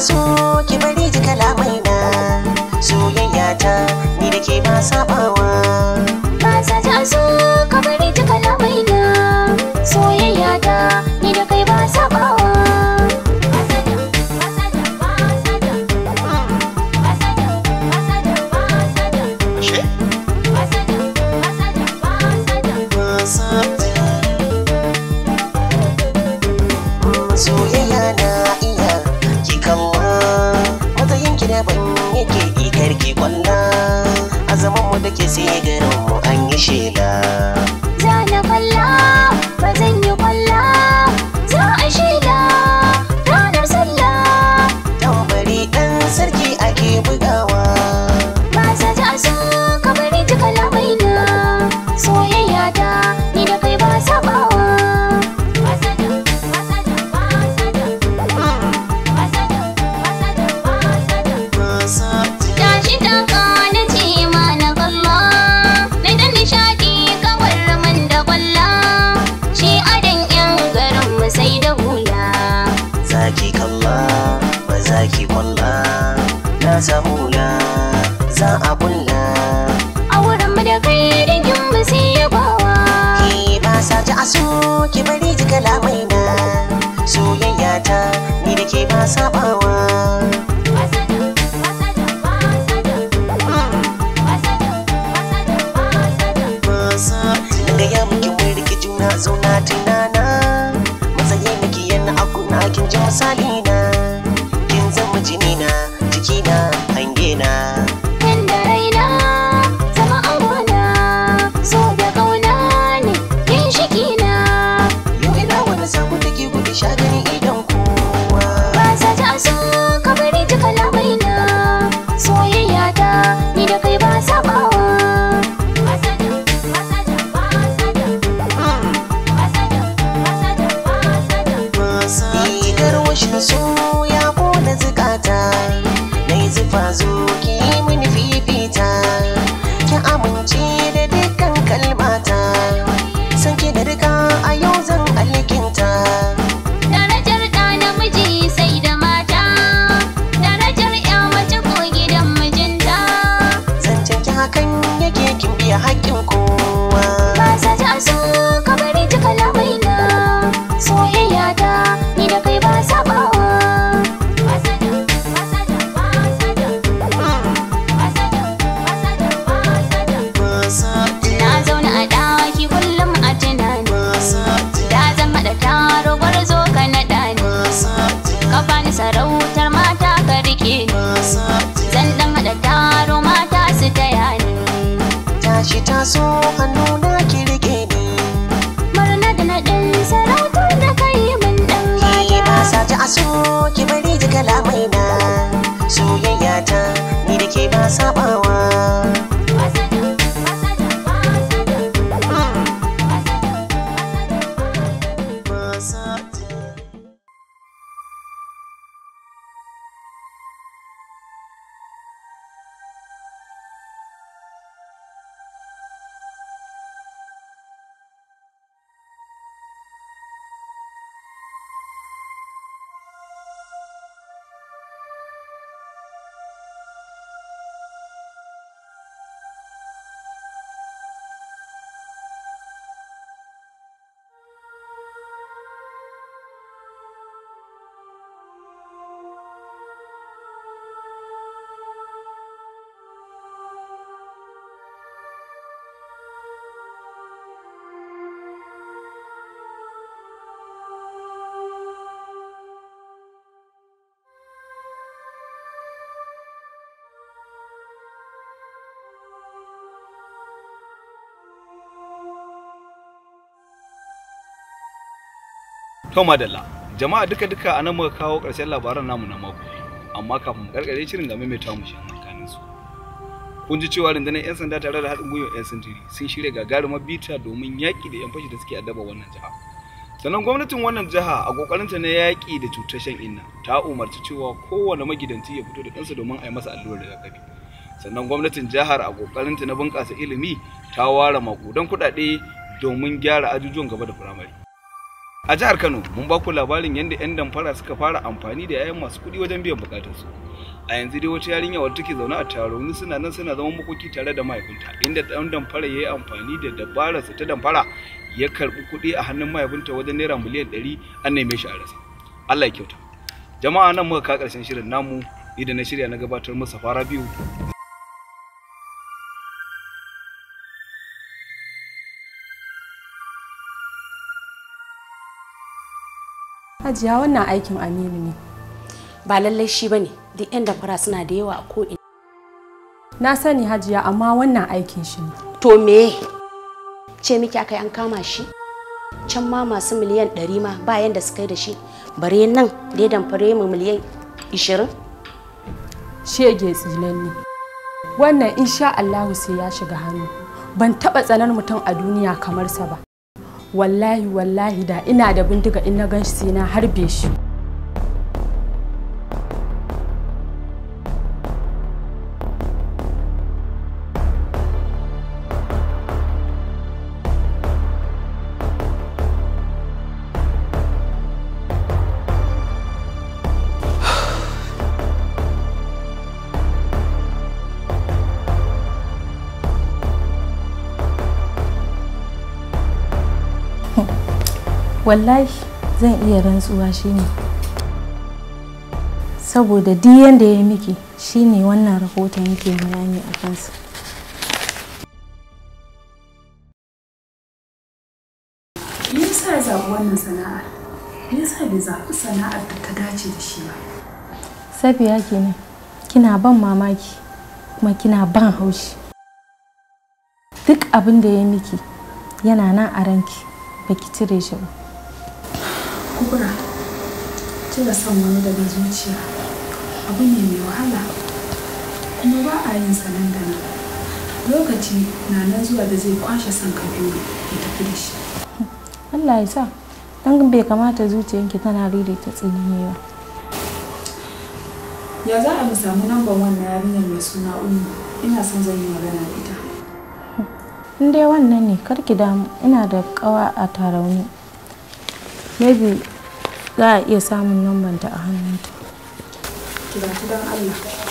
so ki bari ji kalamai na soyayya ta ni da ke ba sabawa to dalla jama'a duka duka anan muka kawo ƙarshen labaran namu na mako amma kafin mu karkare shirin ga maimaita mu shi tsakanin su kun ji cewa rundunar 'yan sanda tare da haɗin gwiwar 'yan sintiri sun shirya gagarumar bita domin yaƙi da 'yan fashi da suke addaba wannan jiha sannan gwamnatin wannan jiha a ƙoƙarinta na yaƙi da cutar shan inna ta umarci cewa kowane magidanci ya fito da ɗansa domin a yi masa allurar rigakafi sannan gwamnatin jihar a ƙoƙarinta na bunƙasa ilimi ta ware maƙudan kuɗaɗe domin gyara ajujuwan gaba da firamare a jihar kano mun ba ku labarin yadda 'yan damfara suka fara amfani da 'ya'yan masu kuɗi wajen biyan bukatarsu a yanzu dai wata yarinya wadda take zaune a ni suna nan suna zaman makoki tare da mahaifinta inda ɗan damfara ya yi amfani da sa ta damfara ya karɓi kuɗi a hannun mahaifinta wajen naira miliyan ɗari an neme shi a rasa allah ya kyauta jama'a nan muka ka ƙarshen shirin namu ni da na shirya na gabatar masa fara biyu Hajiya wannan aikin Aminu ne. Ba lallai shi bane, duk inda damfara suna da yawa a ina. Na sani Hajiya amma wannan aikin shi ne. To me? Ce miki aka yi an kama shi? Can ma masu miliyan ɗari ma bayan da suka yi da shi, bare nan da ya damfare mu miliyan ishirin? Shege tsinanni. Wannan insha Allahu sai ya shiga hannu. Ban taɓa tsanar mutum a duniya kamar sa ba. wallahi wallahi da ina da bindiga in na gan shi sai na harbe shi wallahi zan iya rantsuwa shine saboda duk yanda ya miki shine wannan rahoton yake bayani a kansa me yasa ya zaɓi wannan sana'a yasa bai zaɓi sana'ar da ta dace da shi ba safiya kenan kina ban mamaki kuma kina ban haushi duk abin da ya miki yana nan a ranki baki cire shi ba ce da son wani daga zuciya abu ne mai wahala kuma ba a yin sanan da nan lokaci na nan zuwa da zai kwashe son kabiru ya tafi da shi Allah ya sa dan bai kamata zuciyanki tana ririta tsinewa ya za a mu samu namban wannan yarinyar mai suna umu ina son zan yi magana da ita hm. in dai wannan ne kar ki damu ina da kawa a tarauni maybe za a iya samun numban a hannunta. Ki don Allah.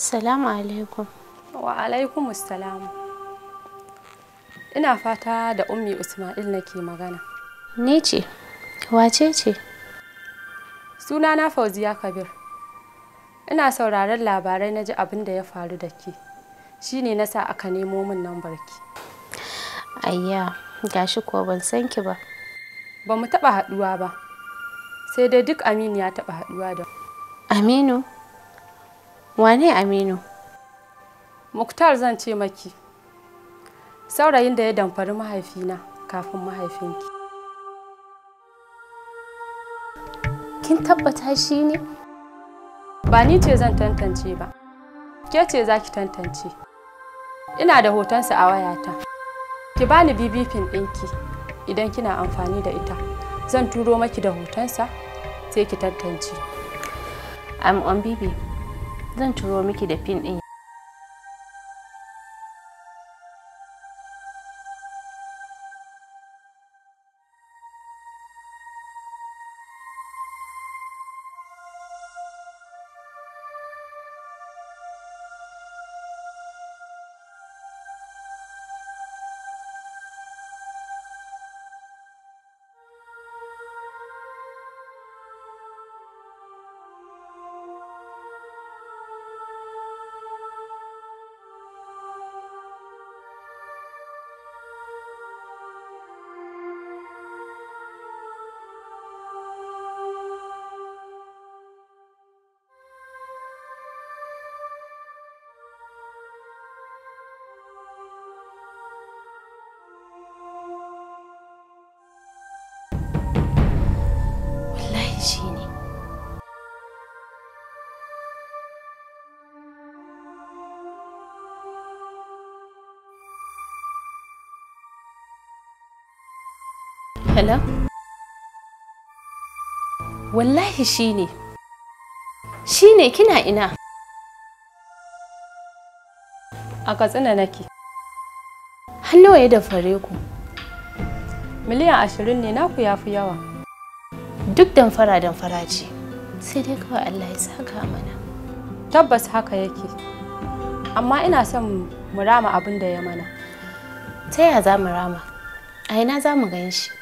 Salamu alaikum. Wa alaikum salamu. Ina fata da Ummi Usma'il nake magana. Ni ce, wace ce? Sunana Fauziya Kabir. Ina sauraron labarai na ji abin da ya faru da ke. Shi ne na sa aka nemo min nan barki. Ayya, gashi kuwa ban san ki ba. Ba mu taɓa haɗuwa ba. Sai dai duk Aminu ya taɓa haɗuwa da. Aminu? Wane Aminu? Muktar zan ce maki. Saurayin da ya damfari mahaifina kafin mahaifinki. Kin tabbata shi ne? Ba ni ce zan tantance ba. Ke ce za ki tantance. Ina da hotonsa a wayata. Ki bani bibifin ɗinki idan kina amfani da ita. Zan turo maki da hotonsa sai ki tantance. I'm on bibi. zan turo miki da pin ɗin kalam wallahi shine shine kina ina a katsina nake hannuwa ya fare ku miliyan ashirin ne naku yafi yawa duk damfara damfara ce sai dai kawai allah ya saka mana tabbas haka yake amma ina son mu rama abin da ya mana ta ya za mu rama a ina za mu gan shi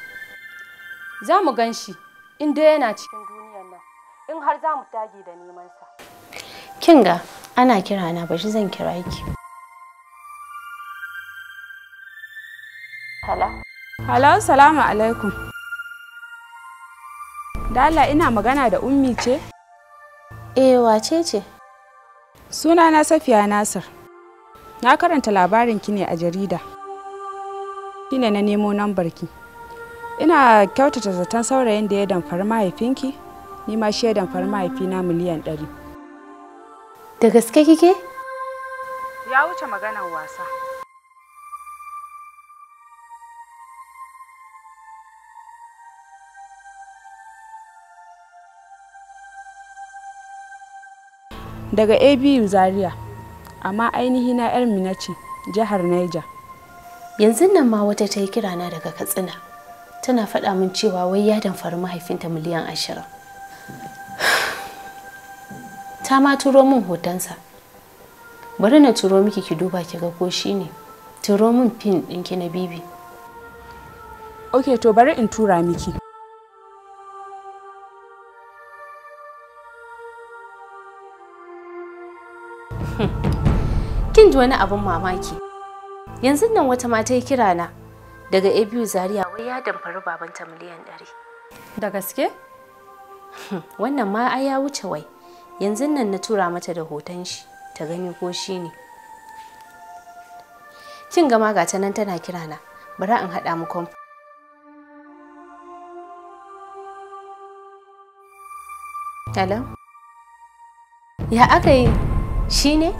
za mu gan shi in yana cikin duniyar nan in har za mu dage da nemansa. Kinga ana kira na shi zan kira ki. Hala. Hala salamu alaikum. Dala ina magana da ummi ce? Eh wace ce? Sunana Safiya Nasir. Na karanta labarin ki ne a jarida. kine na nemo nambar ki. ina kyautata zaton saurayin da ya damfari mahaifinki ni ma shi ya damfari mahaifina miliyan ɗari da gaske kike ya wuce maganar wasa daga abu zaria amma ainihi na yar ce jihar niger yanzu nan ma wata ta yi kirana daga katsina tana faɗa min cewa wai ya damfari mahaifinta miliyan ashirin ta ma turo min hotonsa bari na turo miki ki duba ki ga ko shi ne turo min pin ɗinki na bibi ok to bari in tura miki kin ji wani abun mamaki yanzu nan wata mata ya kira na daga abu zaria wai ya damfari babanta miliyan ɗari da gaske hmm, wannan ma ai ya wuce wai yanzu nan na tura mata da hoton shi ta gani ko shi ne kin gama ga ta nan tana kira na bari in haɗa mu kwamfu hello ya aka yi shi ne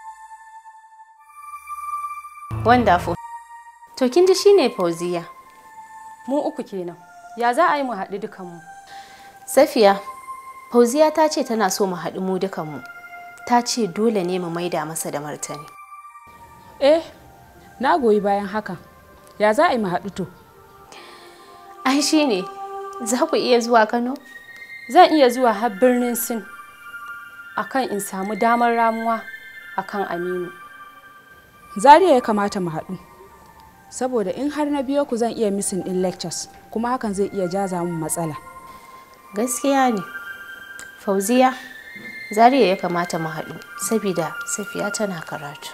wonderful To kin ji shine Fauziya. Mu uku kenan. Ya za a yi mu haɗu dukanmu? Safiya, Fauziya ta ce tana so mu haɗu mu dukanmu. Ta ce dole ne mu maida masa da martani. Eh, na goyi bayan haka Ya za a yi mu haɗu to? Ai shine, za ku iya zuwa Kano? Zan iya zuwa har birnin Sin akan in samu damar ramuwa akan Aminu. Zariya ya kamata mu haɗu. saboda in har na biyo ku zan iya missing in lectures kuma hakan zai iya jaza min matsala gaskiya ne fauziya zariya ya kamata mu haɗu saboda safiya tana karatu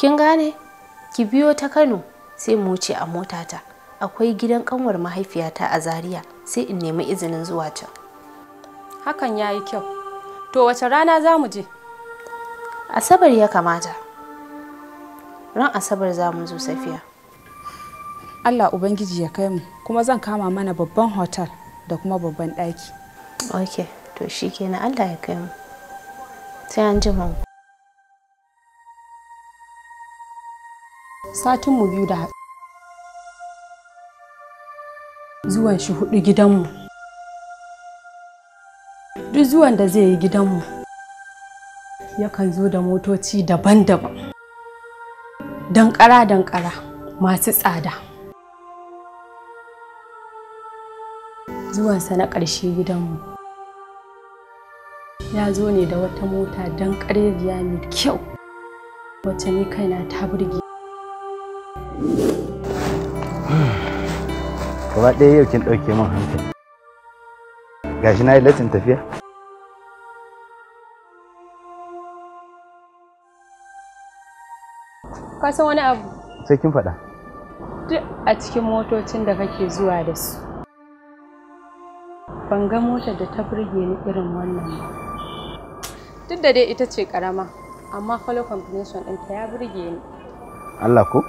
kin gane ki biyo ta kano sai mu wuce a motata akwai gidan kanwar mahaifiyata a Zariya. sai in nemi izinin zuwa can hakan ya yi kyau to wace rana za mu je asabar ya kamata ran asabar za mu zo safiya allah ubangiji ya kai mu kuma zan kama mana babban hotel da kuma babban ɗaki ok to shi kenan allah ya kai mu sai an ji mu satinmu biyu da zuwan shi hudu gidanmu duk zuwan da zai yi gidanmu yakan zo da motoci daban-daban dankara-dankara masu tsada zuwansa na ƙarshe gidanmu ya zo ne da wata mota don ƙarejiya mai kyau wacce ni kaina ta burge gaba ɗaya yau kin ɗauke min hankali gashi na yi latin tafiya ka san wani abu sai kin faɗa duk a cikin motocin da kake zuwa da su ban ga motar da ta burge ni irin wannan ba duk da dai ita ce karama amma follow combination ɗinta ya burge ni Allah ko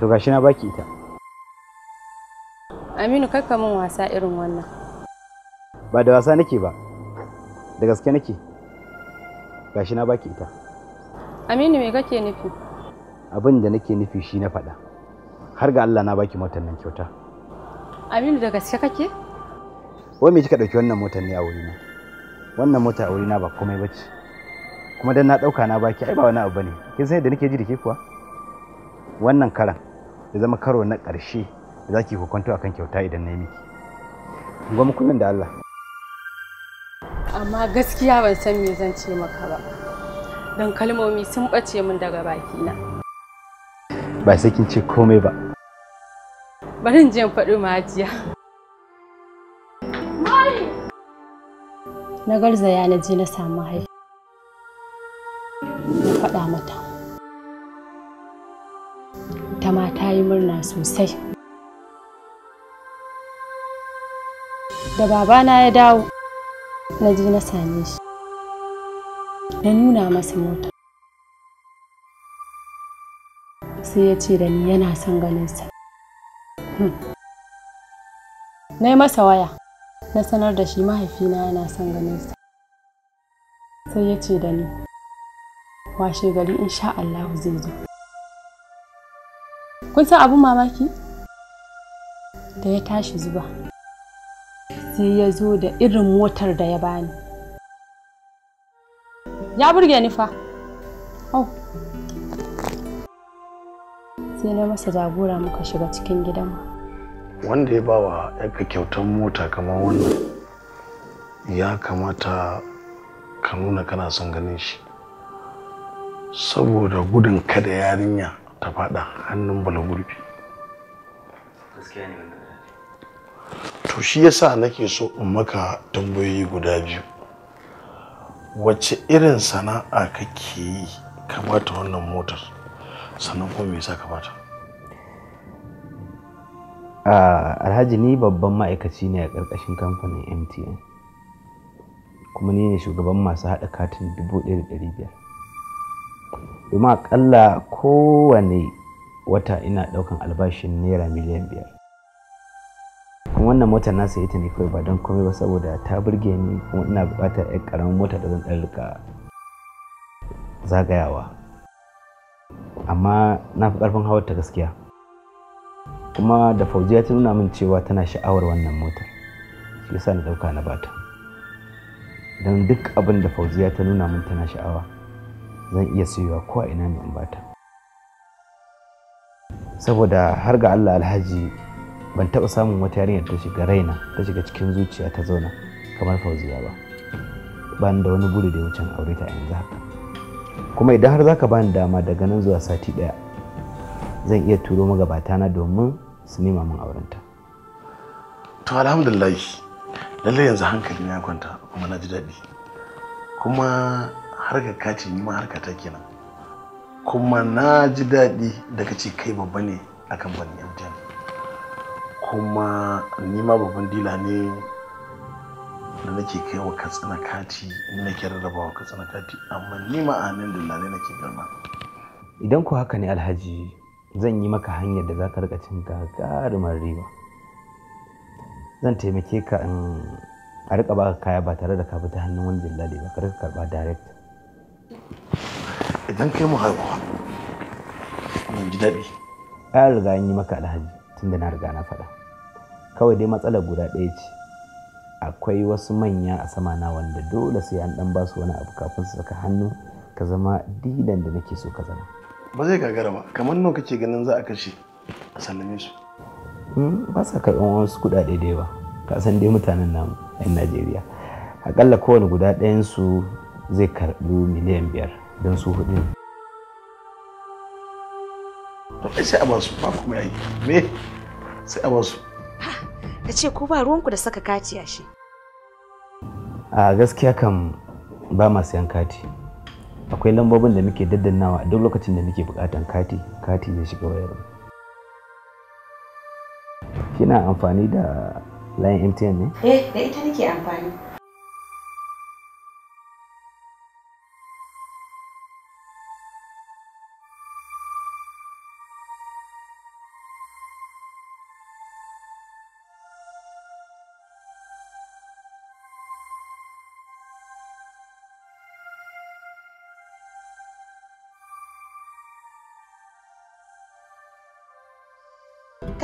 to gashi na baki ita Aminu kakka min wasa irin wannan ba da wasa nake ba da gaske nake gashi na baki ita Aminu me kake nufi? Abin da nake nufi shi na faɗa. Har ga Allah na baki motar nan kyauta. Aminu da gaske kake? Wai me kika ɗauki wannan motar ne a wurina? Wannan mota a wurina ba komai bace. Kuma dan na ɗauka na baki ai ba wani abu bane. Kin san yadda nake ji da ke kuwa? Wannan karan ya zama karo na ƙarshe da zaki hukunta akan kyauta idan na yi miki. Gwamnatin da Allah. Amma gaskiya ban san me zan ce maka ba. don kalmomi sun ɓace min daga bakina. Ba sai kin ce komai ba. Bari in je in faɗi majiya. Na garzaya na je na samu hai. Faɗa mata. Ta ma ta yi murna sosai. Da babana ya dawo, na je na same shi. na nuna masa mota sai ya ce da ni yana son ganinsa hmm. na yi masa waya na sanar da shi mahaifina yana son ganinsa sai ya ce da ni washe gari insha Allah zai zo kun san abin mamaki da ya tashi zuba sai ya zo da irin motar da ya bani ya burge ni fa oh sai na masa jagora muka shiga cikin gidanmu wanda ya ba wa yanka kyautar mota kamar wannan ya kamata ka nuna kana son ganin shi saboda gudun kada yarinya ta fada hannun balagurfi. to shi yasa nake so in maka tambayoyi guda biyu wacce irin sana'a kake yi ka bata wannan motar sannan kuma me yasa ka bata alhaji ni babban ma'aikaci ne a ƙarƙashin kamfanin mtn kuma ni ne shugaban masu haɗa katin 1,500 domin aƙalla kowane wata ina ɗaukan albashin naira miliyan biyar wannan motar na sayi ta ne kawai ba don komai ba saboda ta burge ni kuma ina buƙatar yar ƙaramin mota da zan ɗan rika zagayawa amma na fi ƙarfin hawar ta gaskiya kuma da fauziya ta nuna min cewa tana sha'awar wannan motar shi yasa na ɗauka na bata don duk abin da fauziya ta nuna min tana sha'awa zan iya siyowa ko a ina ne in bata saboda har ga allah alhaji ban taɓa samun wata yarinya ta shiga raina ta shiga cikin zuciya ta zauna kamar fauziya ba bani da wani buri da ya wucin aure ta yanzu haka kuma idan har zaka bani dama daga nan zuwa sati ɗaya zan iya turo magabatana na domin su nema min aurenta to alhamdulillah lallai yanzu hankali na kwanta kuma na ji daɗi kuma harkar kaci ni ma harka ta kenan kuma na ji daɗi da ce kai babba ne akan ban yan kuma nima babban dila ne da nake kai wa katsina kati in nake rarraba wa katsina kati amma nima a nan dila ne nake girma idan ku haka ne alhaji zan yi maka hanyar da za ka rika cin gagarumar riba zan taimake ka in a rika baka kaya ba tare da ka bi ta hannun wani dillali ba ka rika karba direct idan kai mu haihuwa mun ji daɗi ya riga an yi maka alhaji da na riga na faɗa kawai dai matsalar guda ɗaya ce akwai wasu manya a sama na wanda dole sai an dan basu wani abu kafin su saka hannu ka zama dilan da nake so ka zama ba zai gagara ba kamar nawa kake ganin za a kashe a sallame su hmm, ba sa karɓan wasu kuɗaɗe da yawa ka san dai mutanen namu 'yan najeriya akalla kowane guda ɗayan su zai karɓi miliyan biyar don su hudu kuɗi sai a basu ba kuma yayi me sai a basu ta ce ko ba ruwanku da saka kati a shi a gaskiya kam ba ma sayan kati akwai lambobin da muke daddannawa a duk lokacin da muke bukatan kati kati ya shiga wayar kina amfani da layin mtn ne eh da ita nake amfani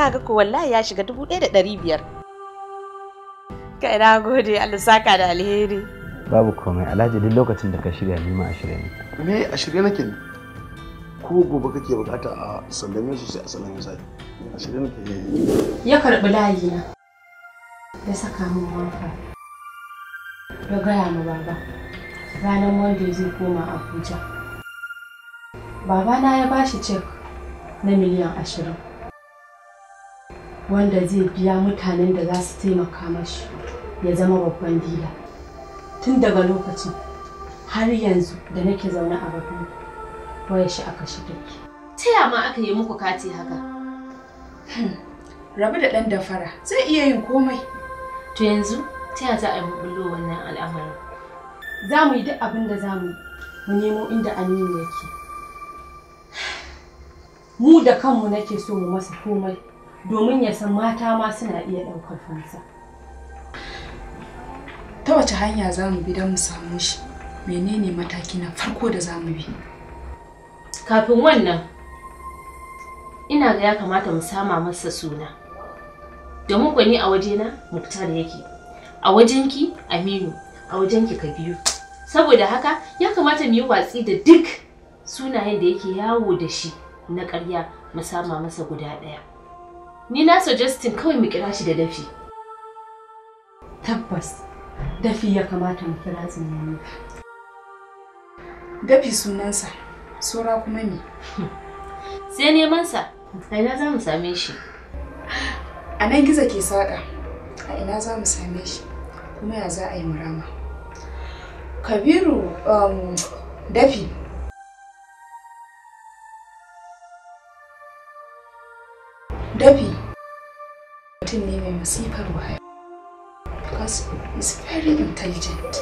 kaga ko wallahi ya shiga dubu ɗaya da ɗari biyar kai na gode Allah saka da alheri babu komai alhaji duk lokacin da ka shirya ni ma a shirya ne ni a shirya nake ne ko gobe kake bukata a sallame shi sai a sallame sai a shirya nake ne ya karɓi layi na ya saka min wanka ya gaya ma baba ranar Monday zai koma abuja Baba na ya bashi cek na miliyan ashirin wanda zai biya mutanen da za su taimaka mashi ya zama babban dila tun daga lokacin har yanzu da nake zaune a babban waya shi aka shiga ta ma aka yi muku kati haka hmm, rabu da ɗan dafara zai iya yin komai to yanzu ta za a yi bullo wannan al'amarin za mu yi duk abin da za mu yi mu nemo inda aminu yake mu da kanmu nake so mu masa komai domin ya san mata ma suna iya ɗaukar fansa. Ta wace hanya za mu bi don mu samu shi? Menene mataki na farko da za mu bi? Kafin wannan, ina ga ya kamata mu sama masa suna. Domin kwani a waje wajena Muktar yake, a wajen ki, Aminu, a wajen wajenki biyu. Saboda haka ya kamata mu yi watsi da duk sunayen da yake yawo da shi na ƙarya mu sama masa guda ɗaya. Ni na suggesting kawai mu kira shi da dafi. Tabbas, dafi ya kamata mu kira ne Dafi sunansa, sora kuma me? Sai neman sa, a ina za mu same shi? A nan gizo ke saƙa, a ina za mu same shi, kuma ya za a yi murama. Kabiru, um, dafi. Dabi mutum ne mai masifar waya. Because is very intelligent.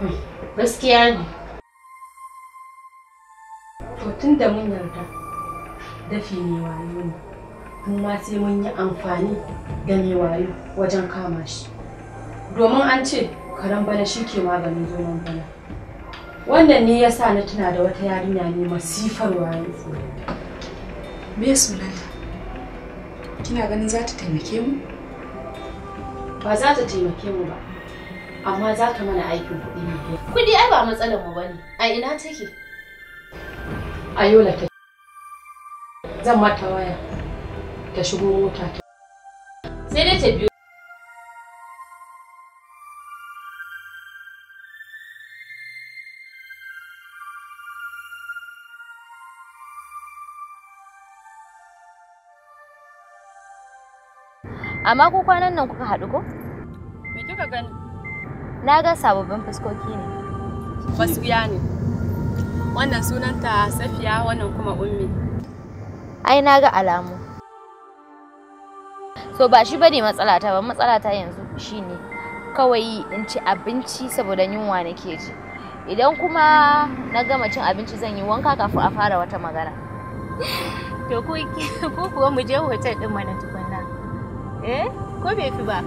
Hmm. Gaskiya ne. To tun da mun yarda dafi ne wayo ne. Mun sai mun yi amfani da mai wayo wajen kama shi. Domin an ce karan bana shi ke maganin zoman bana. Wannan ne ya sa na tuna da wata yarinya ne masifar wayo. Me sunanta? Kina ganin za ta taimake mu? Ba za ta taimake mu ba. Amma za ta mana aikin kuɗi ne. Kuɗi ai ba matsalar mu bane. A ina take? A take. Zan mata waya ta shigo mota ta. Sai dai ta biyo Amma ku kwanan nan kuka haɗu ko? Me kika gani? Na ga sababbin fuskoki ne. Basbiya ne. Wannan sunanta Safiya wannan kuma Ummi. Ai na ga alamu. So ba shi bane ta ba matsala ta yanzu shine kawai in ci abinci saboda yunwa nake ji. Idan kuma na gama cin abinci zan yi wanka kafin a fara wata magana. To ko kuwa mu je hotel din mana tukuna. eh ko bai fi ba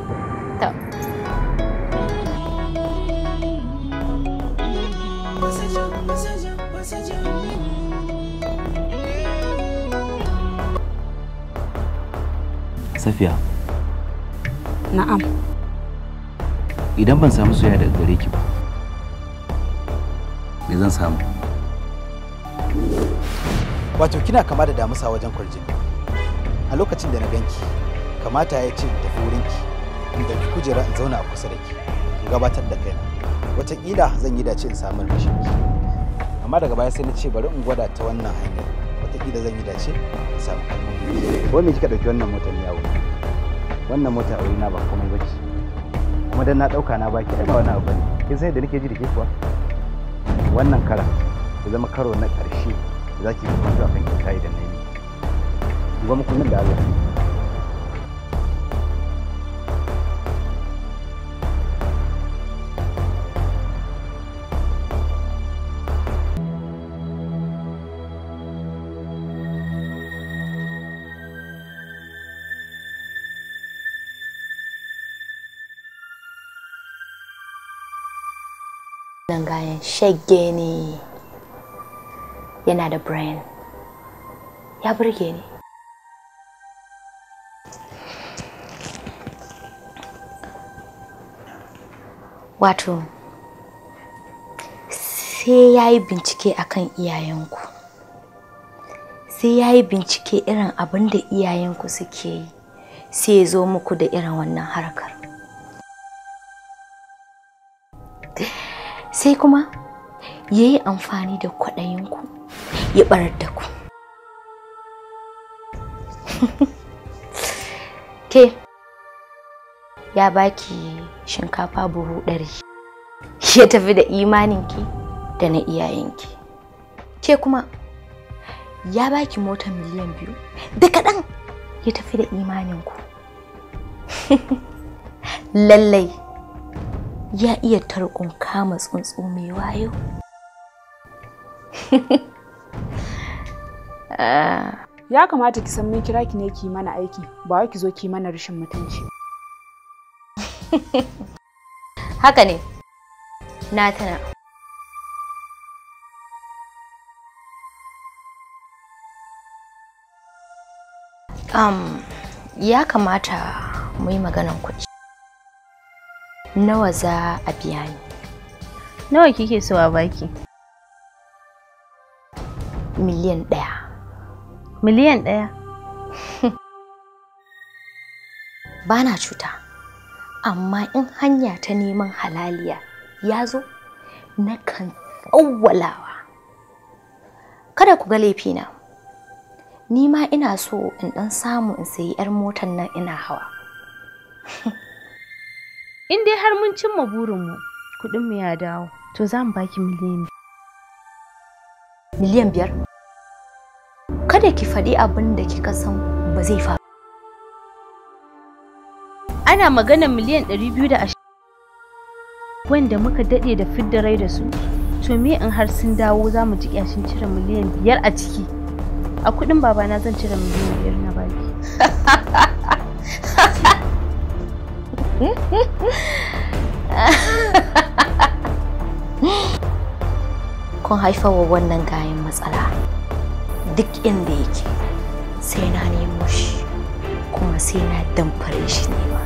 Safiya. Na'am. Idan ban samu soyayya daga gare ki ba, me zan samu? Wato kina kama da damusa wajen kwarjini. A lokacin da na ganki, kamata ya ce tafi wurinki in ki kujera in zauna a kusa da ki in gabatar da kaina wataƙila zan yi dace in samu rashin ki amma daga baya sai na ce bari in gwada ta wannan hanyar wataƙila zan yi dace in samu kalmomi wai me kika ɗauki wannan motar yawo wannan mota a na ba komai ba ce kuma dan na ɗauka na baki ai ba wani abu ne kin san yadda nake ji da ke kuwa wannan kara ya zama karo na ƙarshe za ki kuma zuwa kan kyauta idan na yi gwamnatin da Allah wannan ne yana da brain ya burge ni wato sai ya yi bincike akan iyayenku sai ya yi bincike irin abin da iyayenku suke yi sai ya zo muku da irin wannan harkar sai kuma ya yi amfani da kwaɗayinku ya ɓarar da ku ke ya baki shinkafa buhu ɗari ya tafi da imaninki da na iyayenki ke kuma ya baki mota miliyan biyu da kaɗan ya tafi da imaninku lallai ya iya tarkon kama tsuntsu mai wayo ya kamata ki san mun kira ki ne ki mana aiki ba wai ki zo ki mana rashin mutunci haka ne na tana um, ya kamata mu yi maganan kuɗi nawa za a biya ni nawa kike so a baki miliyan ɗaya miliyan ɗaya ba na cuta amma in hanya ta neman halaliya ya zo na kan tsawwalawa kada ku ga laifina ni ma ina so in ɗan samu in sayi 'yar motan nan ina hawa in dai har mun cimma burinmu kudinmu ya dawo to za mu baki miliyan miliyan biyar kada ki faɗi abin da kika san ba zai faru ana magana miliyan ɗari biyu da ashirin. wanda muka daɗe da fiddarai rai da su to me in har sun dawo za mu ji ƙyashin cire miliyan biyar a ciki a kuɗin babana zan cire miliyan biyar na baki kun wa wannan gayan matsala duk inda yake sai na nemo shi kuma sai na damfare shi ne ba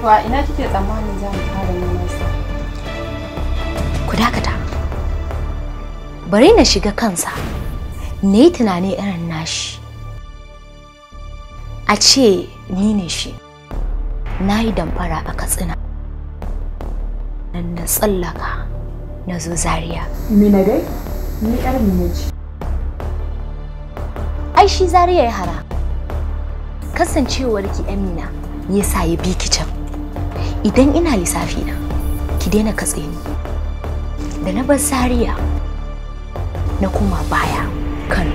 wa ina kike tsammanin za mu fara neman sa ku dakata bari na shiga kansa na yi tunani irin nashi a ce ni ne shi na yi damfara a katsina nan na tsallaka na zo na minagai ni yar ce. ai shi Zariya ya hara kasancewar ki amina ya sa ya bi ki can idan ina lissafi na ki daina katse ni da na bar Zariya na kuma baya kan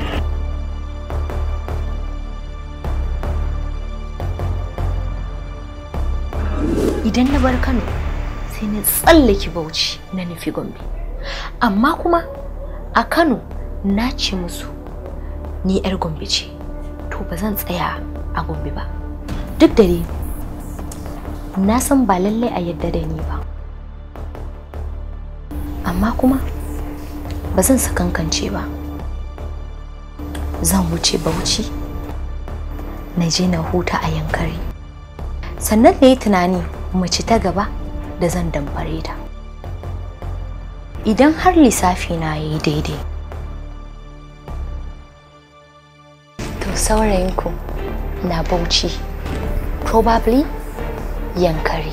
idan na bar kano sai na tsallake bauchi na nufi gombe amma kuma a kano na ce musu ni yar gombe ce to ba zan tsaya a gombe ba duk da na san ba lallai a yadda da ni ba amma kuma ba zan sakankance ba zan wuce bauchi na je na huta a yankari sannan na yi tunani mace ta gaba da zan damfare ta idan har lissafi na yi daidai to saurayinku na bauchi probably yankari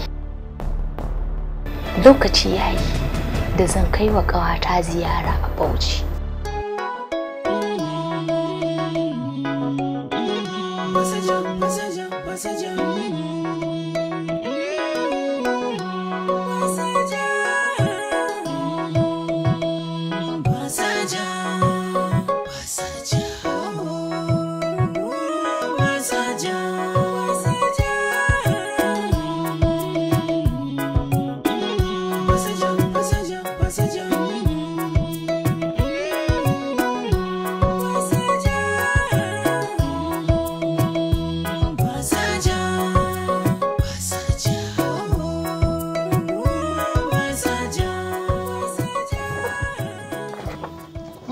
lokaci ya yi da zan kai wa ƙawata ziyara a bauchi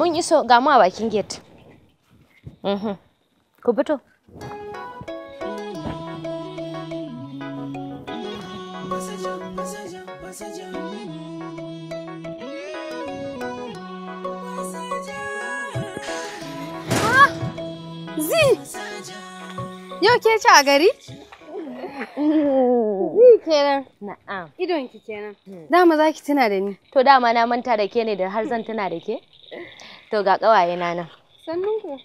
mun iso ga mu a bakin gate mhm. ku fito ah! Yau ke ci a gari? Ni kenan. Na'am. ki kenan. Hmm. Dama za ki tuna da ni. To dama na manta da ke ne da har zan tuna da ke? to ga ƙawaye na nan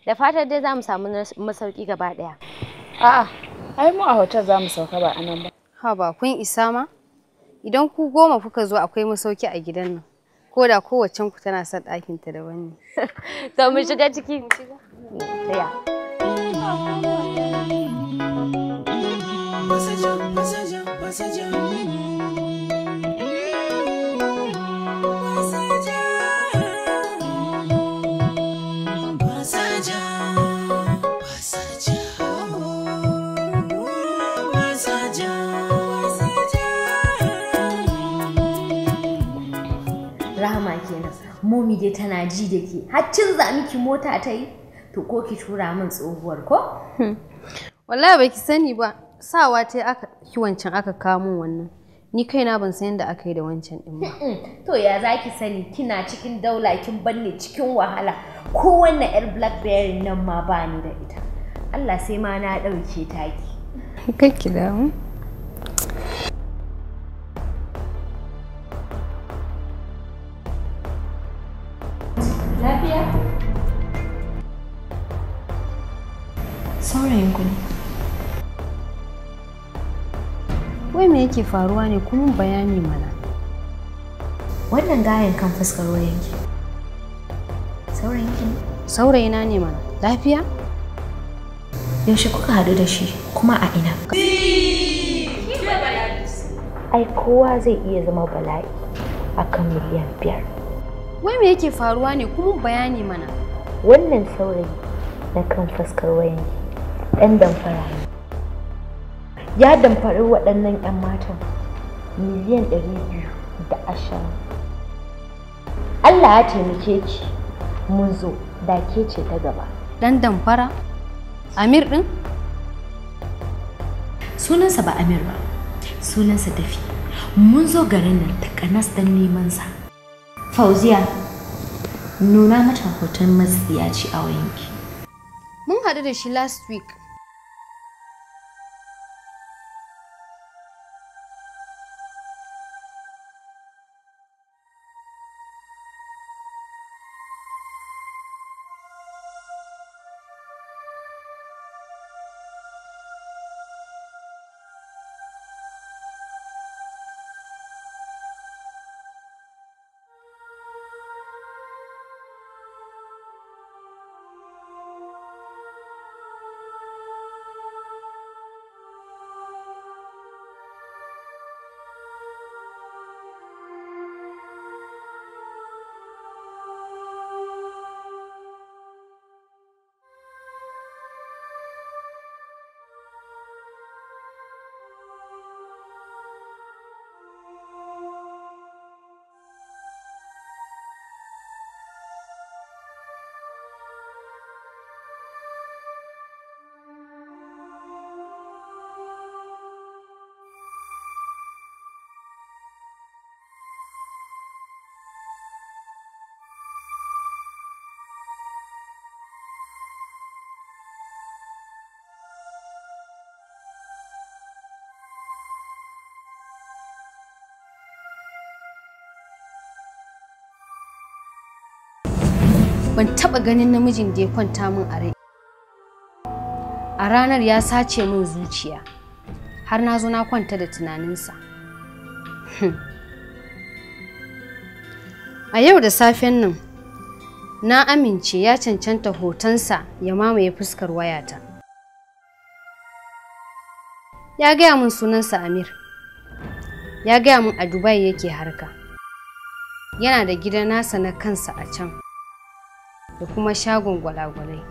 da fatar dai za mu samu masauki gaba ɗaya a'a ai mu a hotel za mu sauka ba anan ba ha ba kun isa ma idan ku goma kuka zo akwai masauki a gidan nan ko da kowacen ku tana son ɗakinta da wani. to mu shiga ciki passage, passage, passage, passage, passage momi dai tana ji da ke haccin za miki mota ta yi to ko ki tura min tsohuwar ko hmm. wallahi ki sani ba sawa ta aka wancan aka kawo wannan ni kaina ban san yadda aka yi da wancan ɗin ba. To ya za ki sani kina cikin daula kin banne cikin wahala ko wannan yar blackberry nan ma ba ni da ita. Allah sai ma na ɗauke taki. Kai ki damu. Lafiya? Saurayin ku ne. Wai me yake faruwa ne kuma bayani mana? Wannan gayan kan fuskar wayanki. Saurayinki ne? Saurayina ne mana. Lafiya? Yaushe kuka haɗu da shi kuma a ina? Ai kowa zai iya zama bala'i a kan miliyan biyar. Wai me yake faruwa ne kuma bayani mana? Wannan saurayi na kan fuskar wayan ɗan damfara ne. Ya damfari waɗannan 'yan matan miliyan ɗari biyu da ashirin. Allah ya taimake ki mun zo da ke ce ta gaba. Ɗan damfara? Amir ɗin? Sunansa ba Amir ba, sunansa tafi. Mun zo garin nan ta kanas dan neman sa. Fauziya, nuna mata hoton matsiya ci a wayanki. Mun haɗu da shi last week ban taɓa ganin namijin da ya kwanta min a rai a ranar ya sace min zuciya har na zo na kwanta da tunaninsa hmm. a yau da safen nan na amince ya cancanta hotonsa ya mamaye fuskar wayata ya gaya min sunansa amir ya gaya min a dubai yake harka yana da gida nasa na kansa a can da kuma shagon gwalagwalai.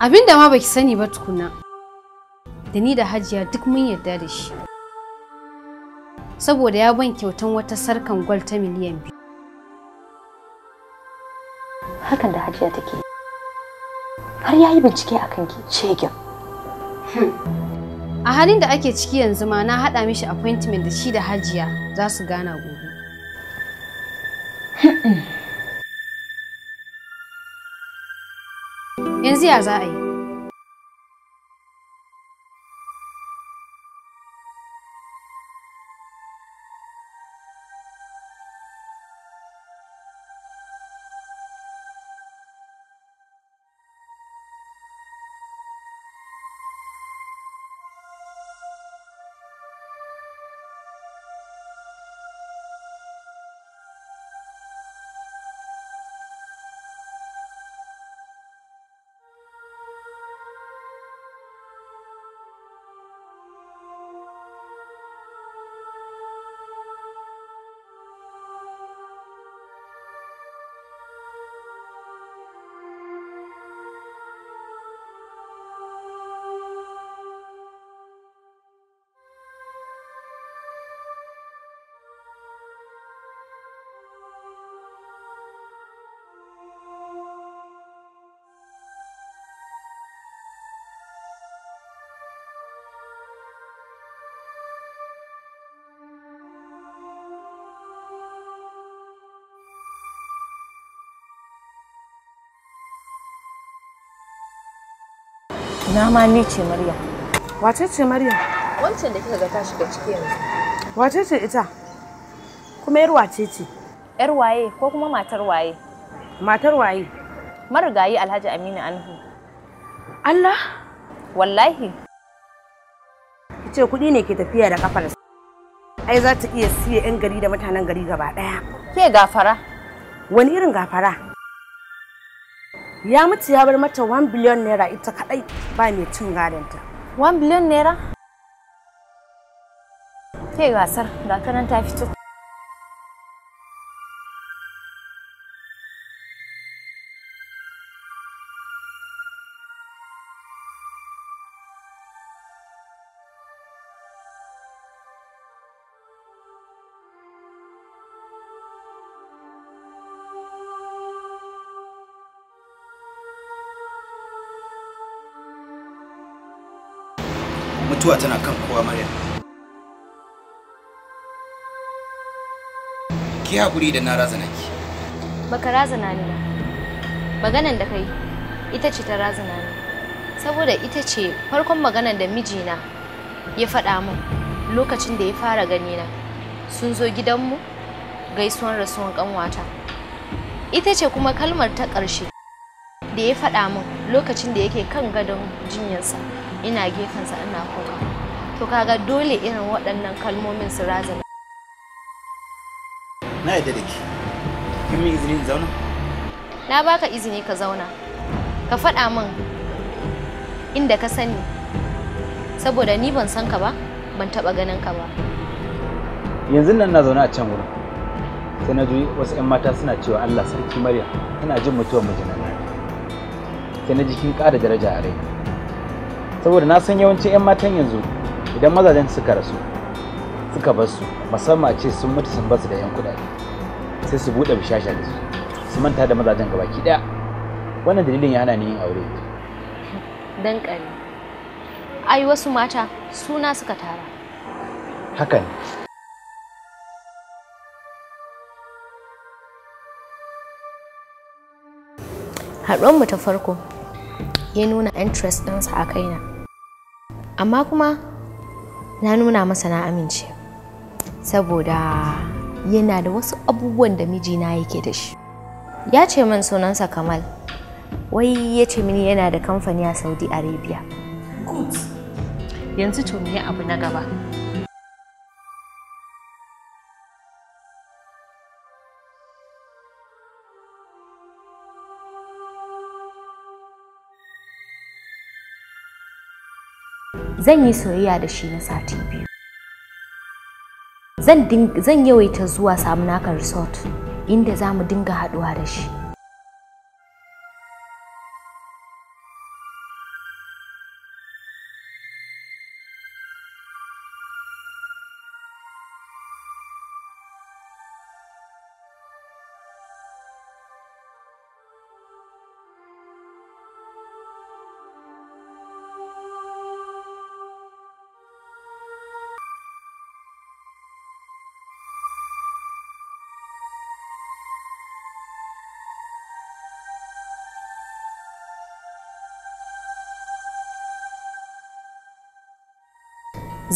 Abin da ma baki sani ba tukuna, da ni da hajiya duk mun yarda da shi. Saboda ya ban kyautan wata sarkan gwal ta miliyan biyu. Hakan da hajiya take, har ya yi bincike a kanki shegen. Hmm. a halin da ake ciki yanzu ma na haɗa mishi appointment da shi da hajiya za su gana gobe hmm. yanzu ya za a yi Na ma ni ce Maryam. Wace ce Maryam? Wancan da kika ga ta shiga ciki yanzu. Wace ce ita? Kuma yar wace ce? Yar waye ko kuma matar waye? Matar waye? Marigayi Alhaji Aminu Anhu. Allah? Wallahi. Ice kuɗi ne ke tafiya da kafar Ai za ta iya siya 'yan gari da mutanen gari gaba ɗaya. Ke gafara? Wani irin gafara? ya mutu ya bar mata 1 biliyon naira ita kadai ba mai cin gadonta. 1 biliyon naira? Ke gasar, ga ta fito. mutuwa tana kan kowa maryam ki haƙuri da na razana ki baka razana ni ba maganan da kai ita ce ta razana ni saboda ita ce farkon maganan da mijina ya faɗa min lokacin da ya fara ganina sun zo gidanmu gaisuwan rasuwan ƙanwata ita ce kuma kalmar ta ƙarshe da ya faɗa min lokacin da yake kan gadon jinyarsa ina gefensa ina kuka to kaga dole irin waɗannan kalmomin su raza na yadda da ke kin min izini zauna na baka izini ka zauna ka faɗa min inda ka sani saboda ni ban san ka ba ban taɓa ganin ka ba yanzu nan na zaune a can wurin sai na ji wasu 'yan mata suna cewa Allah sarki Maryam tana jin mutuwar mijina sai na ji kin ƙara daraja a raina saboda na san yawancin 'yan matan yanzu idan mazajen suka rasu suka bar su musamman a ce sun mutu sun basu da 'yan kudade sai su buɗe bishasha da su su manta da mazajen ki ɗaya wannan dalilin ya hana ni yin aure dan ƙari ai wasu mata suna suka tara hakan mu ta farko ya nuna interest ɗinsa a kaina amma kuma na nuna masa na amince saboda yana da wasu abubuwan da mijina yake da shi ya ce min sunansa kamal wai ya ce mini yana da kamfani a saudi arabia good yanzu to abu na gaba zan yi soyayya da shi na sati biyu zan yawaita zuwa samunaka resort inda za mu dinga haɗuwa da shi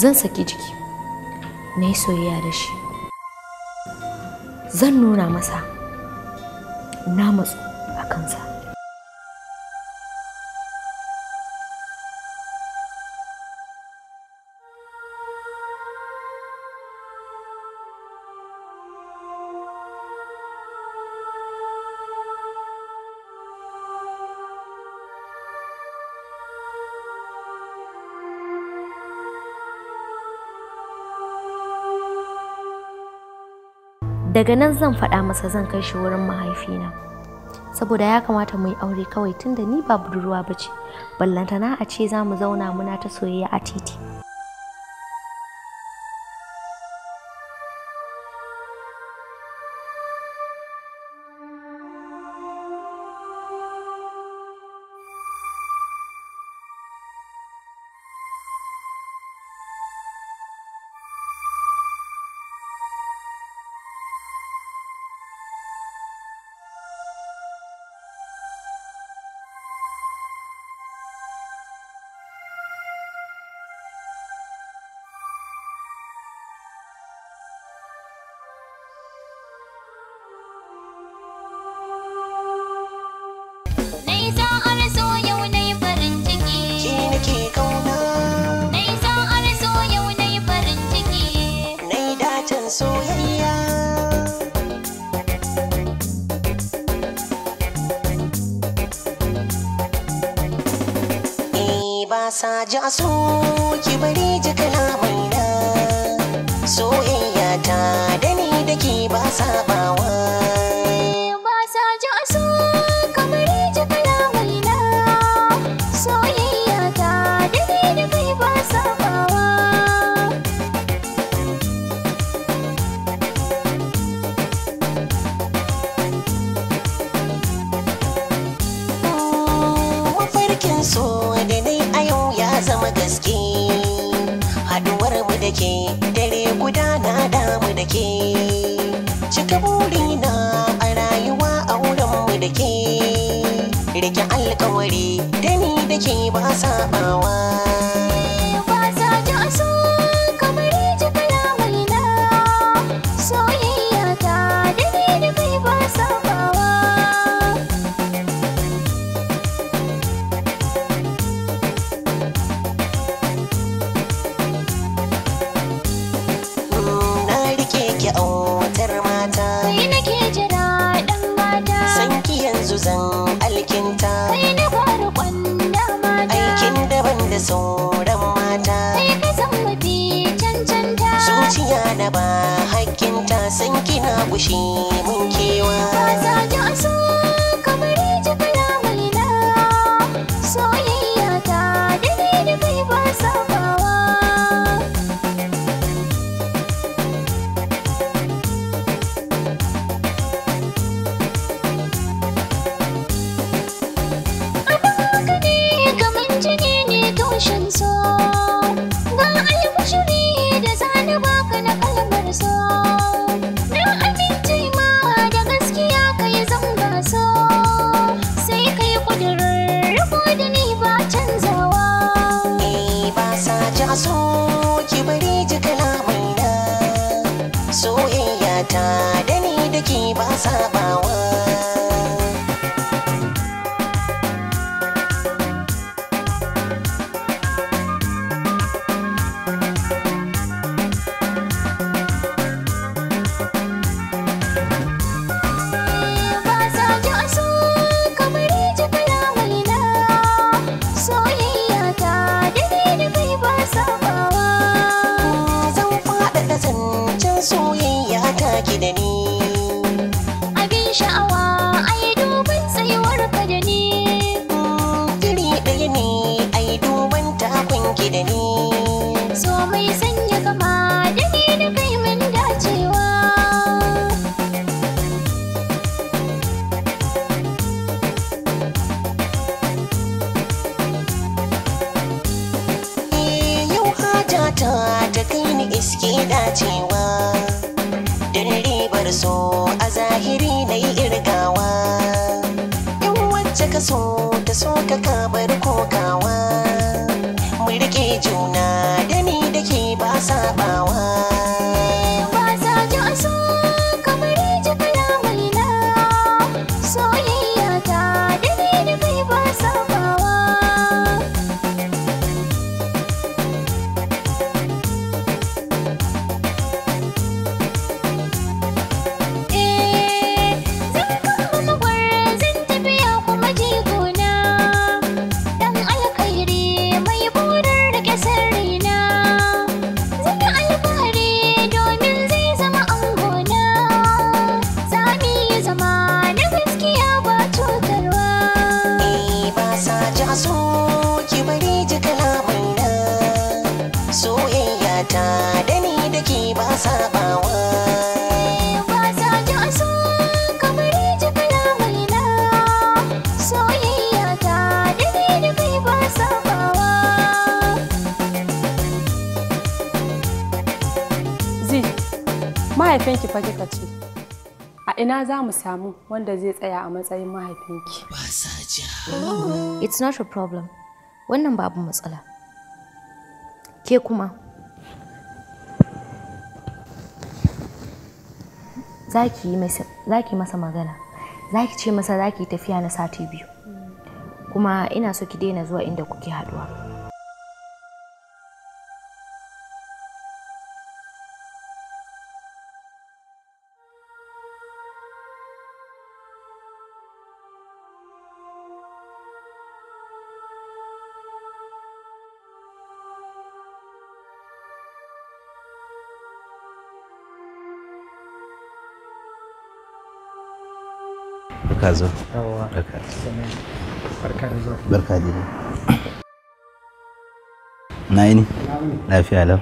zan saki jiki na yi soyayya da shi zan nuna masa na matsu a kansa daga nan zan faɗa masa zan kai shi wurin mahaifina saboda ya kamata mu yi aure kawai tunda ni ba budurwa ba ce ballantana a ce za mu zauna muna ta soyayya a titi a so ki bari ji ba. sabawa hakkin ta sankina kina bushe mun kewa so da so ka kamar kokawa mu rike juna dani ni da ke ba saba ina za mu samu wanda zai tsaya a matsayin mahaifinki ba sa it's not a problem wannan babu matsala ke kuma za ki masa magana za ki ce masa za ki tafiya na sati biyu kuma ina so ki daina zuwa inda kuke haduwa barka zo barka zo na yi ne lafiya lau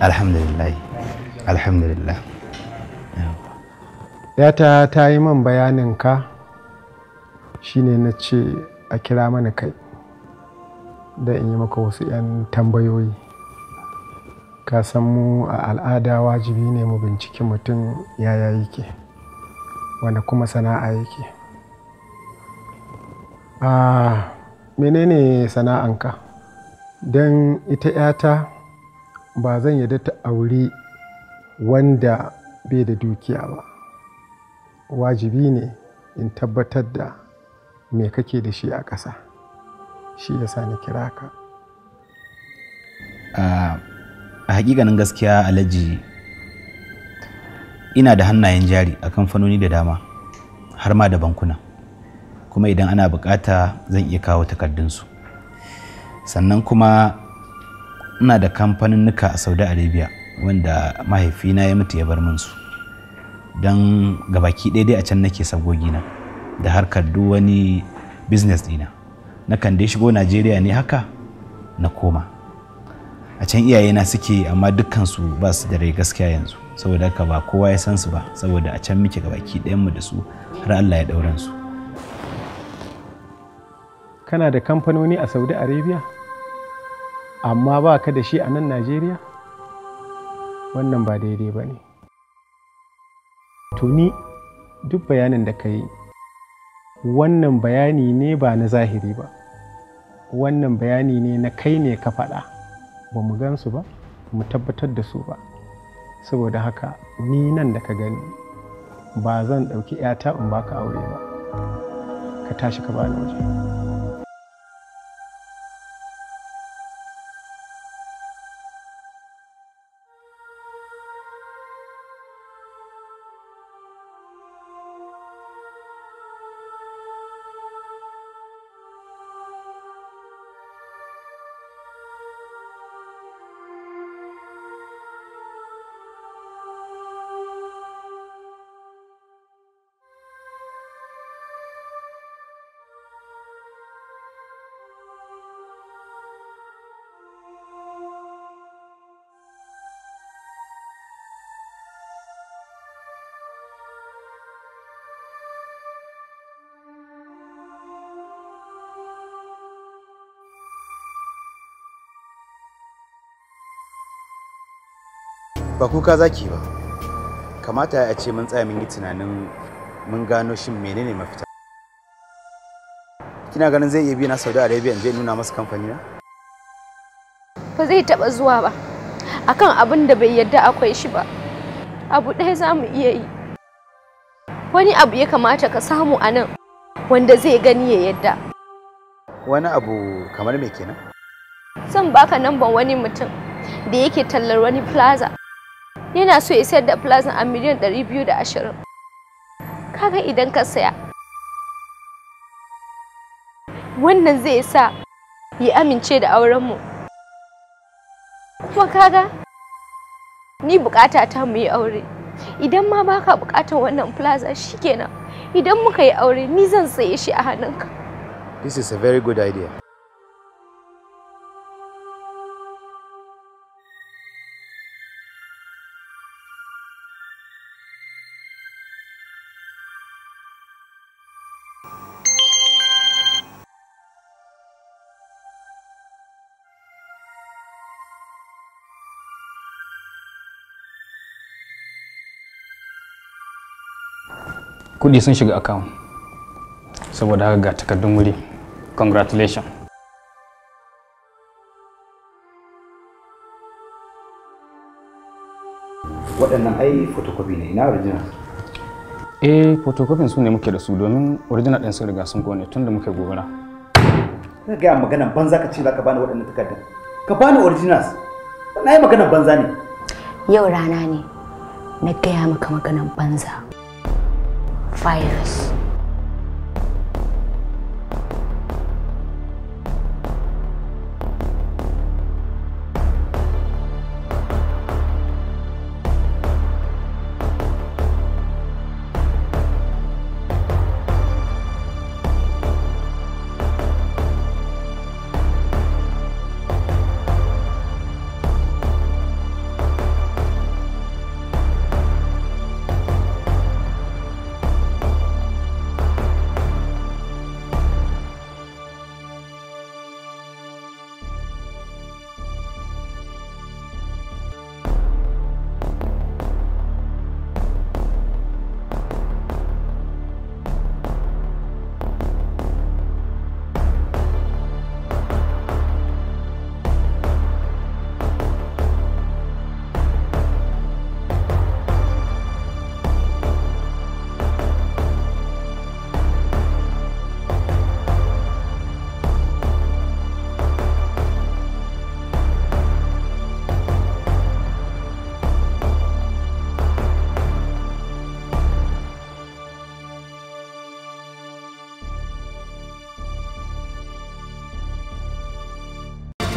alhamdulillah alhamdulillah yata ta yi man bayanin ka shine na ce a kira mana kai da in yi maka wasu 'yan tambayoyi ka san mu a al'ada wajibi ne mu binciki mutum yaya yake wanda kuma sana'a yake a ah, menene sana'anka don ita 'yata ba zan yadda ta auri wanda bai da dukiya ba wajibi ne in tabbatar da me kake da shi a ƙasa shi ya sa ni kira ka ah, a hakikanin gaskiya alhaji ina da hannayen jari a kamfanoni da dama har ma da bankuna kuma idan ana bukata zan iya kawo takardunsu sannan kuma ina da kamfanin nuka a saudi arabiya wanda mahaifina ya mutu ya bar min su don gabaki ɗaya dai a can nake sagogina da harkar duk wani business dina na dai shigo najeriya ne haka na koma a can iyayena suke amma dukkansu ba su da rai gaskiya yanzu saboda haka ba kowa ya san su ba saboda a can muke gabaki mu da su har Allah ya ɗauran su. Kana da kamfanoni a Saudi Arabia amma ba ka da shi a nan Najeriya? Wannan ba daidai ba ne. Tuni duk bayanin da ka yi wannan bayani ne ba na zahiri ba wannan bayani ne na kai ne ka faɗa. ba mu gan su ba mu tabbatar da su ba saboda haka ni nan da ka gani ba zan ɗauki 'yata in baka aure ba ka tashi ka bani waje. ba kuka zaki ba kamata a ce mun tsaya mun yi tunanin mun gano shin menene mafita kina ganin zai iya bi na saudi arabia je nuna masa kamfani na ba zai taba zuwa ba akan abin da bai yadda akwai shi ba abu ɗaya za mu iya yi wani abu ya kamata ka samu a nan wanda zai gani ya yadda wani abu kamar me kenan zan baka namban wani mutum da yake tallar wani plaza yana so ya sayar da plasma a miliyan 220 kaga idan ka saya wannan zai sa ya amince da aurenmu kuma kaga ni bukata ta mu yi aure idan ma baka bukatar wannan plaza shikenan idan muka yi aure ni zan saye shi a hannunka this is a very good idea kuɗi sun shiga account saboda haka ga takardun wuri congratulations waɗannan ai photocopy ne ina original eh photocopy su ne muke da su domin original ɗin sun riga sun gone tun da muke gobara ka gaya magana banza ka ce zaka ka bani waɗannan takardun ka bani originals na yi magana banza ne yau rana ne na gaya maka maganan banza fires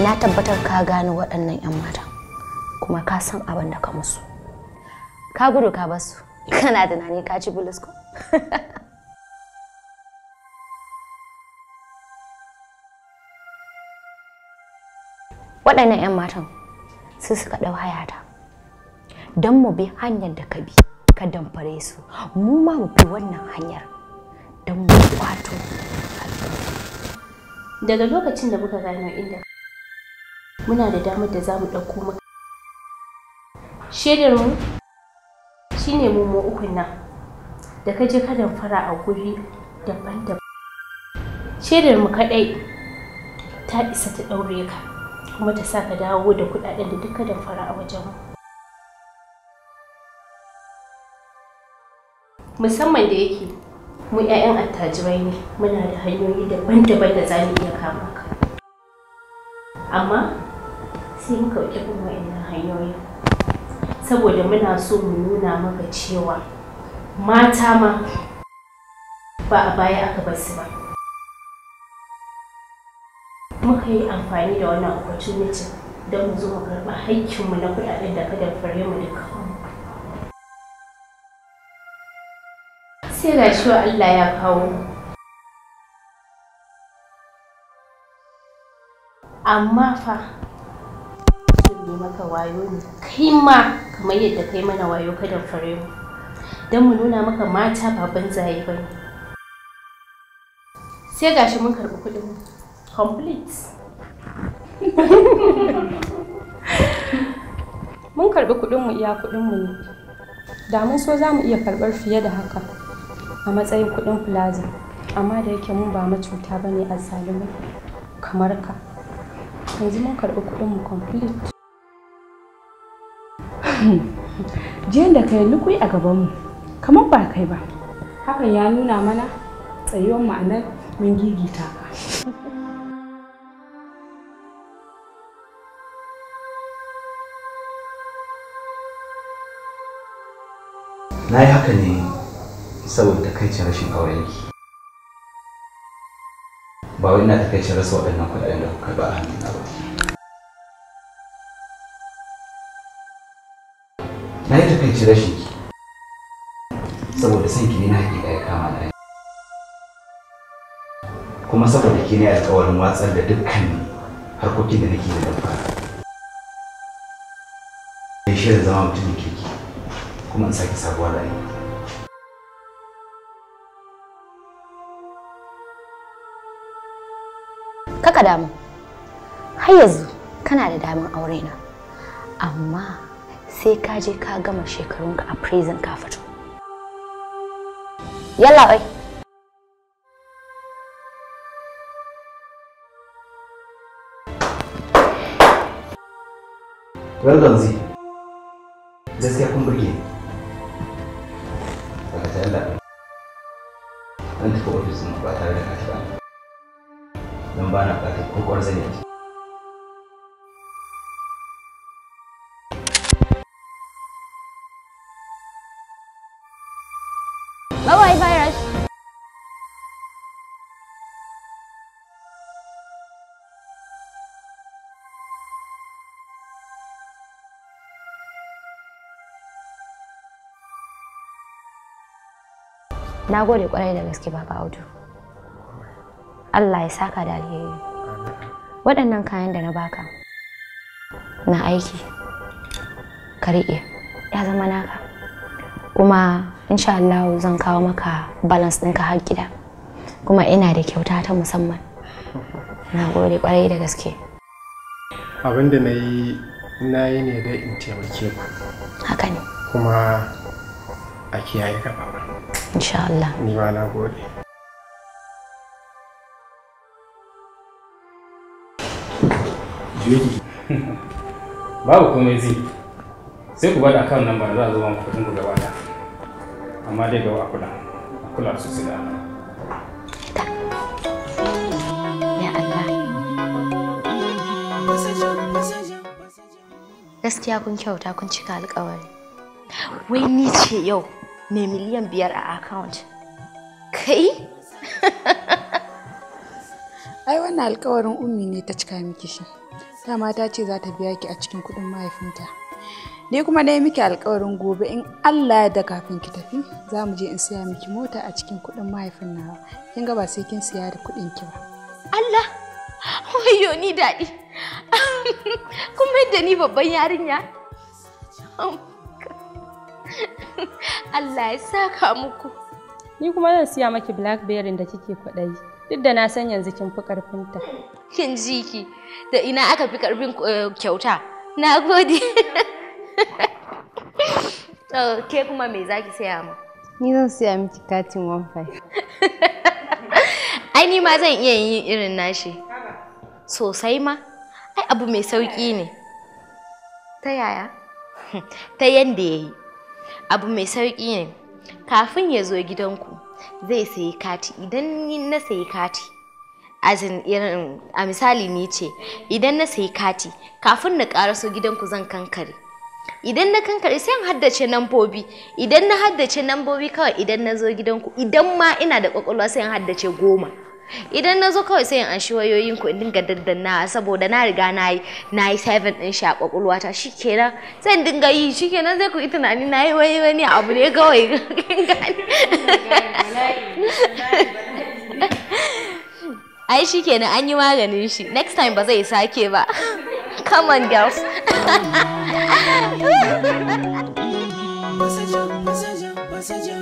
na tabbatar ka gane waɗannan 'yan matan kuma ka san abin da ka musu ka gudu ka basu kana da nani ka ci bulus waɗannan 'yan matan su suka ɗau hayata don mu bi hanyar da ka bi ka damfare su mu ma mu bi wannan hanyar don mu kwato daga lokacin da muka gano inda muna da damar da za mu ɗauko maka shaidar mu shine mu mu ukun nan da ka je ka damfara a guri daban-daban shaidar mu kaɗai ta isa ta ɗaure ka kuma ta sa ka dawo da kuɗaɗen da duka damfara a wajen musamman da yake mu 'ya'yan attajirai ne muna da hanyoyi daban-daban da za mu iya kama ka amma sai muka bi bin wa'annan hanyoyi. saboda muna so mu nuna maka cewa mata ma ba a baya aka bar su ba muka yi amfani da wannan opportunity don mu zo mu karɓa haƙƙinmu na kuɗaɗen da ka damfare mu duka sai ga cewa Allah ya kawo amma fa yi maka wayo ne kai ma kamar yadda kai mana wayo kada fare mu don mu nuna maka mata baban zaye ba ne sai gashi mun karɓi kuɗin complete mun karɓi kuɗinmu iya kuɗinmu ne da mun so za mu iya karɓar fiye da haka a matsayin kuɗin plaza amma da yake mun ba macuta ba ne a zalimai kamar ka yanzu mun karɓi kuɗinmu complete jiyan da kai lukui a gabanmu kamar ba kai ba hakan ya nuna mana tsayuwar ma'anar mun gigita ka na yi haka ne saboda takaicin rashin aurenki ba wai ina takaicin rasa waɗannan kuɗaɗen da kuka ba a hannuna ba takaici rashin ki saboda son ki ne na haƙiƙa ya kama na kuma saboda ki ne alƙawarin watsar da dukkanin harkokin da nake da dabba ya shirin zama mutumin kirki kuma in sake sabuwar rayuwa kaka damu har yanzu kana da damin aure na amma sai ka je ka gama shekarunka a prison ka fito yalla bai Well done, Z. Gaskiya kun burge ni. Daga ta yalla. An tafi ofis ba tare da kashi ba. Dan ba na bukatar kokowar zanya ce. na gode kwarai da gaske baba audu allah ya saka da alheri waɗannan kayan da na baka na aiki ka riƙe ya zama naka kuma insha Allah zan kawo maka balance ɗinka har gida kuma ina da kyauta ta musamman na gode kwarai da gaske abin da na yi ne da in taimake ku haka ne kuma a kiyaye gaba insha Allah ni ma na gode babu komai zai sai ku bada akawun nan ba za a zo muku kudin ku gaba da amma dai gawa a kula a kula su da Allah gaskiya kun kyauta kun cika alkawari wai ni ce yau mai miliyan biyar a account kai ai wannan alkawarin ummi ne ta cika miki shi dama ta ce za ta biya ki a cikin kuɗin mahaifinta ni kuma dai miki alkawarin gobe in Allah ya da kafin ki tafi za mu je in siya miki mota a cikin kuɗin mahaifin nawa kin ga ba sai kin siya da kuɗin ki ba Allah wayo ni daɗi kuma da ni babban yarinya oh Allah ya saka muku. Ni kuma zan siya maki blackberry da kike kwaɗayi. Duk da na san yanzu kin fi ƙarfinta. Kin ji ki da ina aka fi ƙarfin eh, kyauta. Na gode. Oh, ke kuma me zaki saya ma. Ni zan siya miki katin one Ai ni ma zan iya yin irin nashi. Sosai ma. Ai abu mai sauƙi ne. Ta yaya? Ta yanda ya yi. abu mai sauƙi ne kafin ya zo gidanku zai sayi kati idan na sayi kati a misali ni ce idan na sayi kati kafin na karaso gidanku zan kankare idan na kankare sai in haddace nambobi idan na haddace nambobi kawai idan na zo gidanku idan ma ina da ƙwaƙwalwa sai in haddace goma idan na zo kawai sai in anshi wayoyin ku in dinga daddana saboda na riga na yi na yi seven din shi a shi shikenan zan dinga yi shikenan zai ku yi tunani na yi wani wani abu ne kawai ai shikenan an yi maganin shi next time ba zai sake ba come on girls Passage, passage, passage.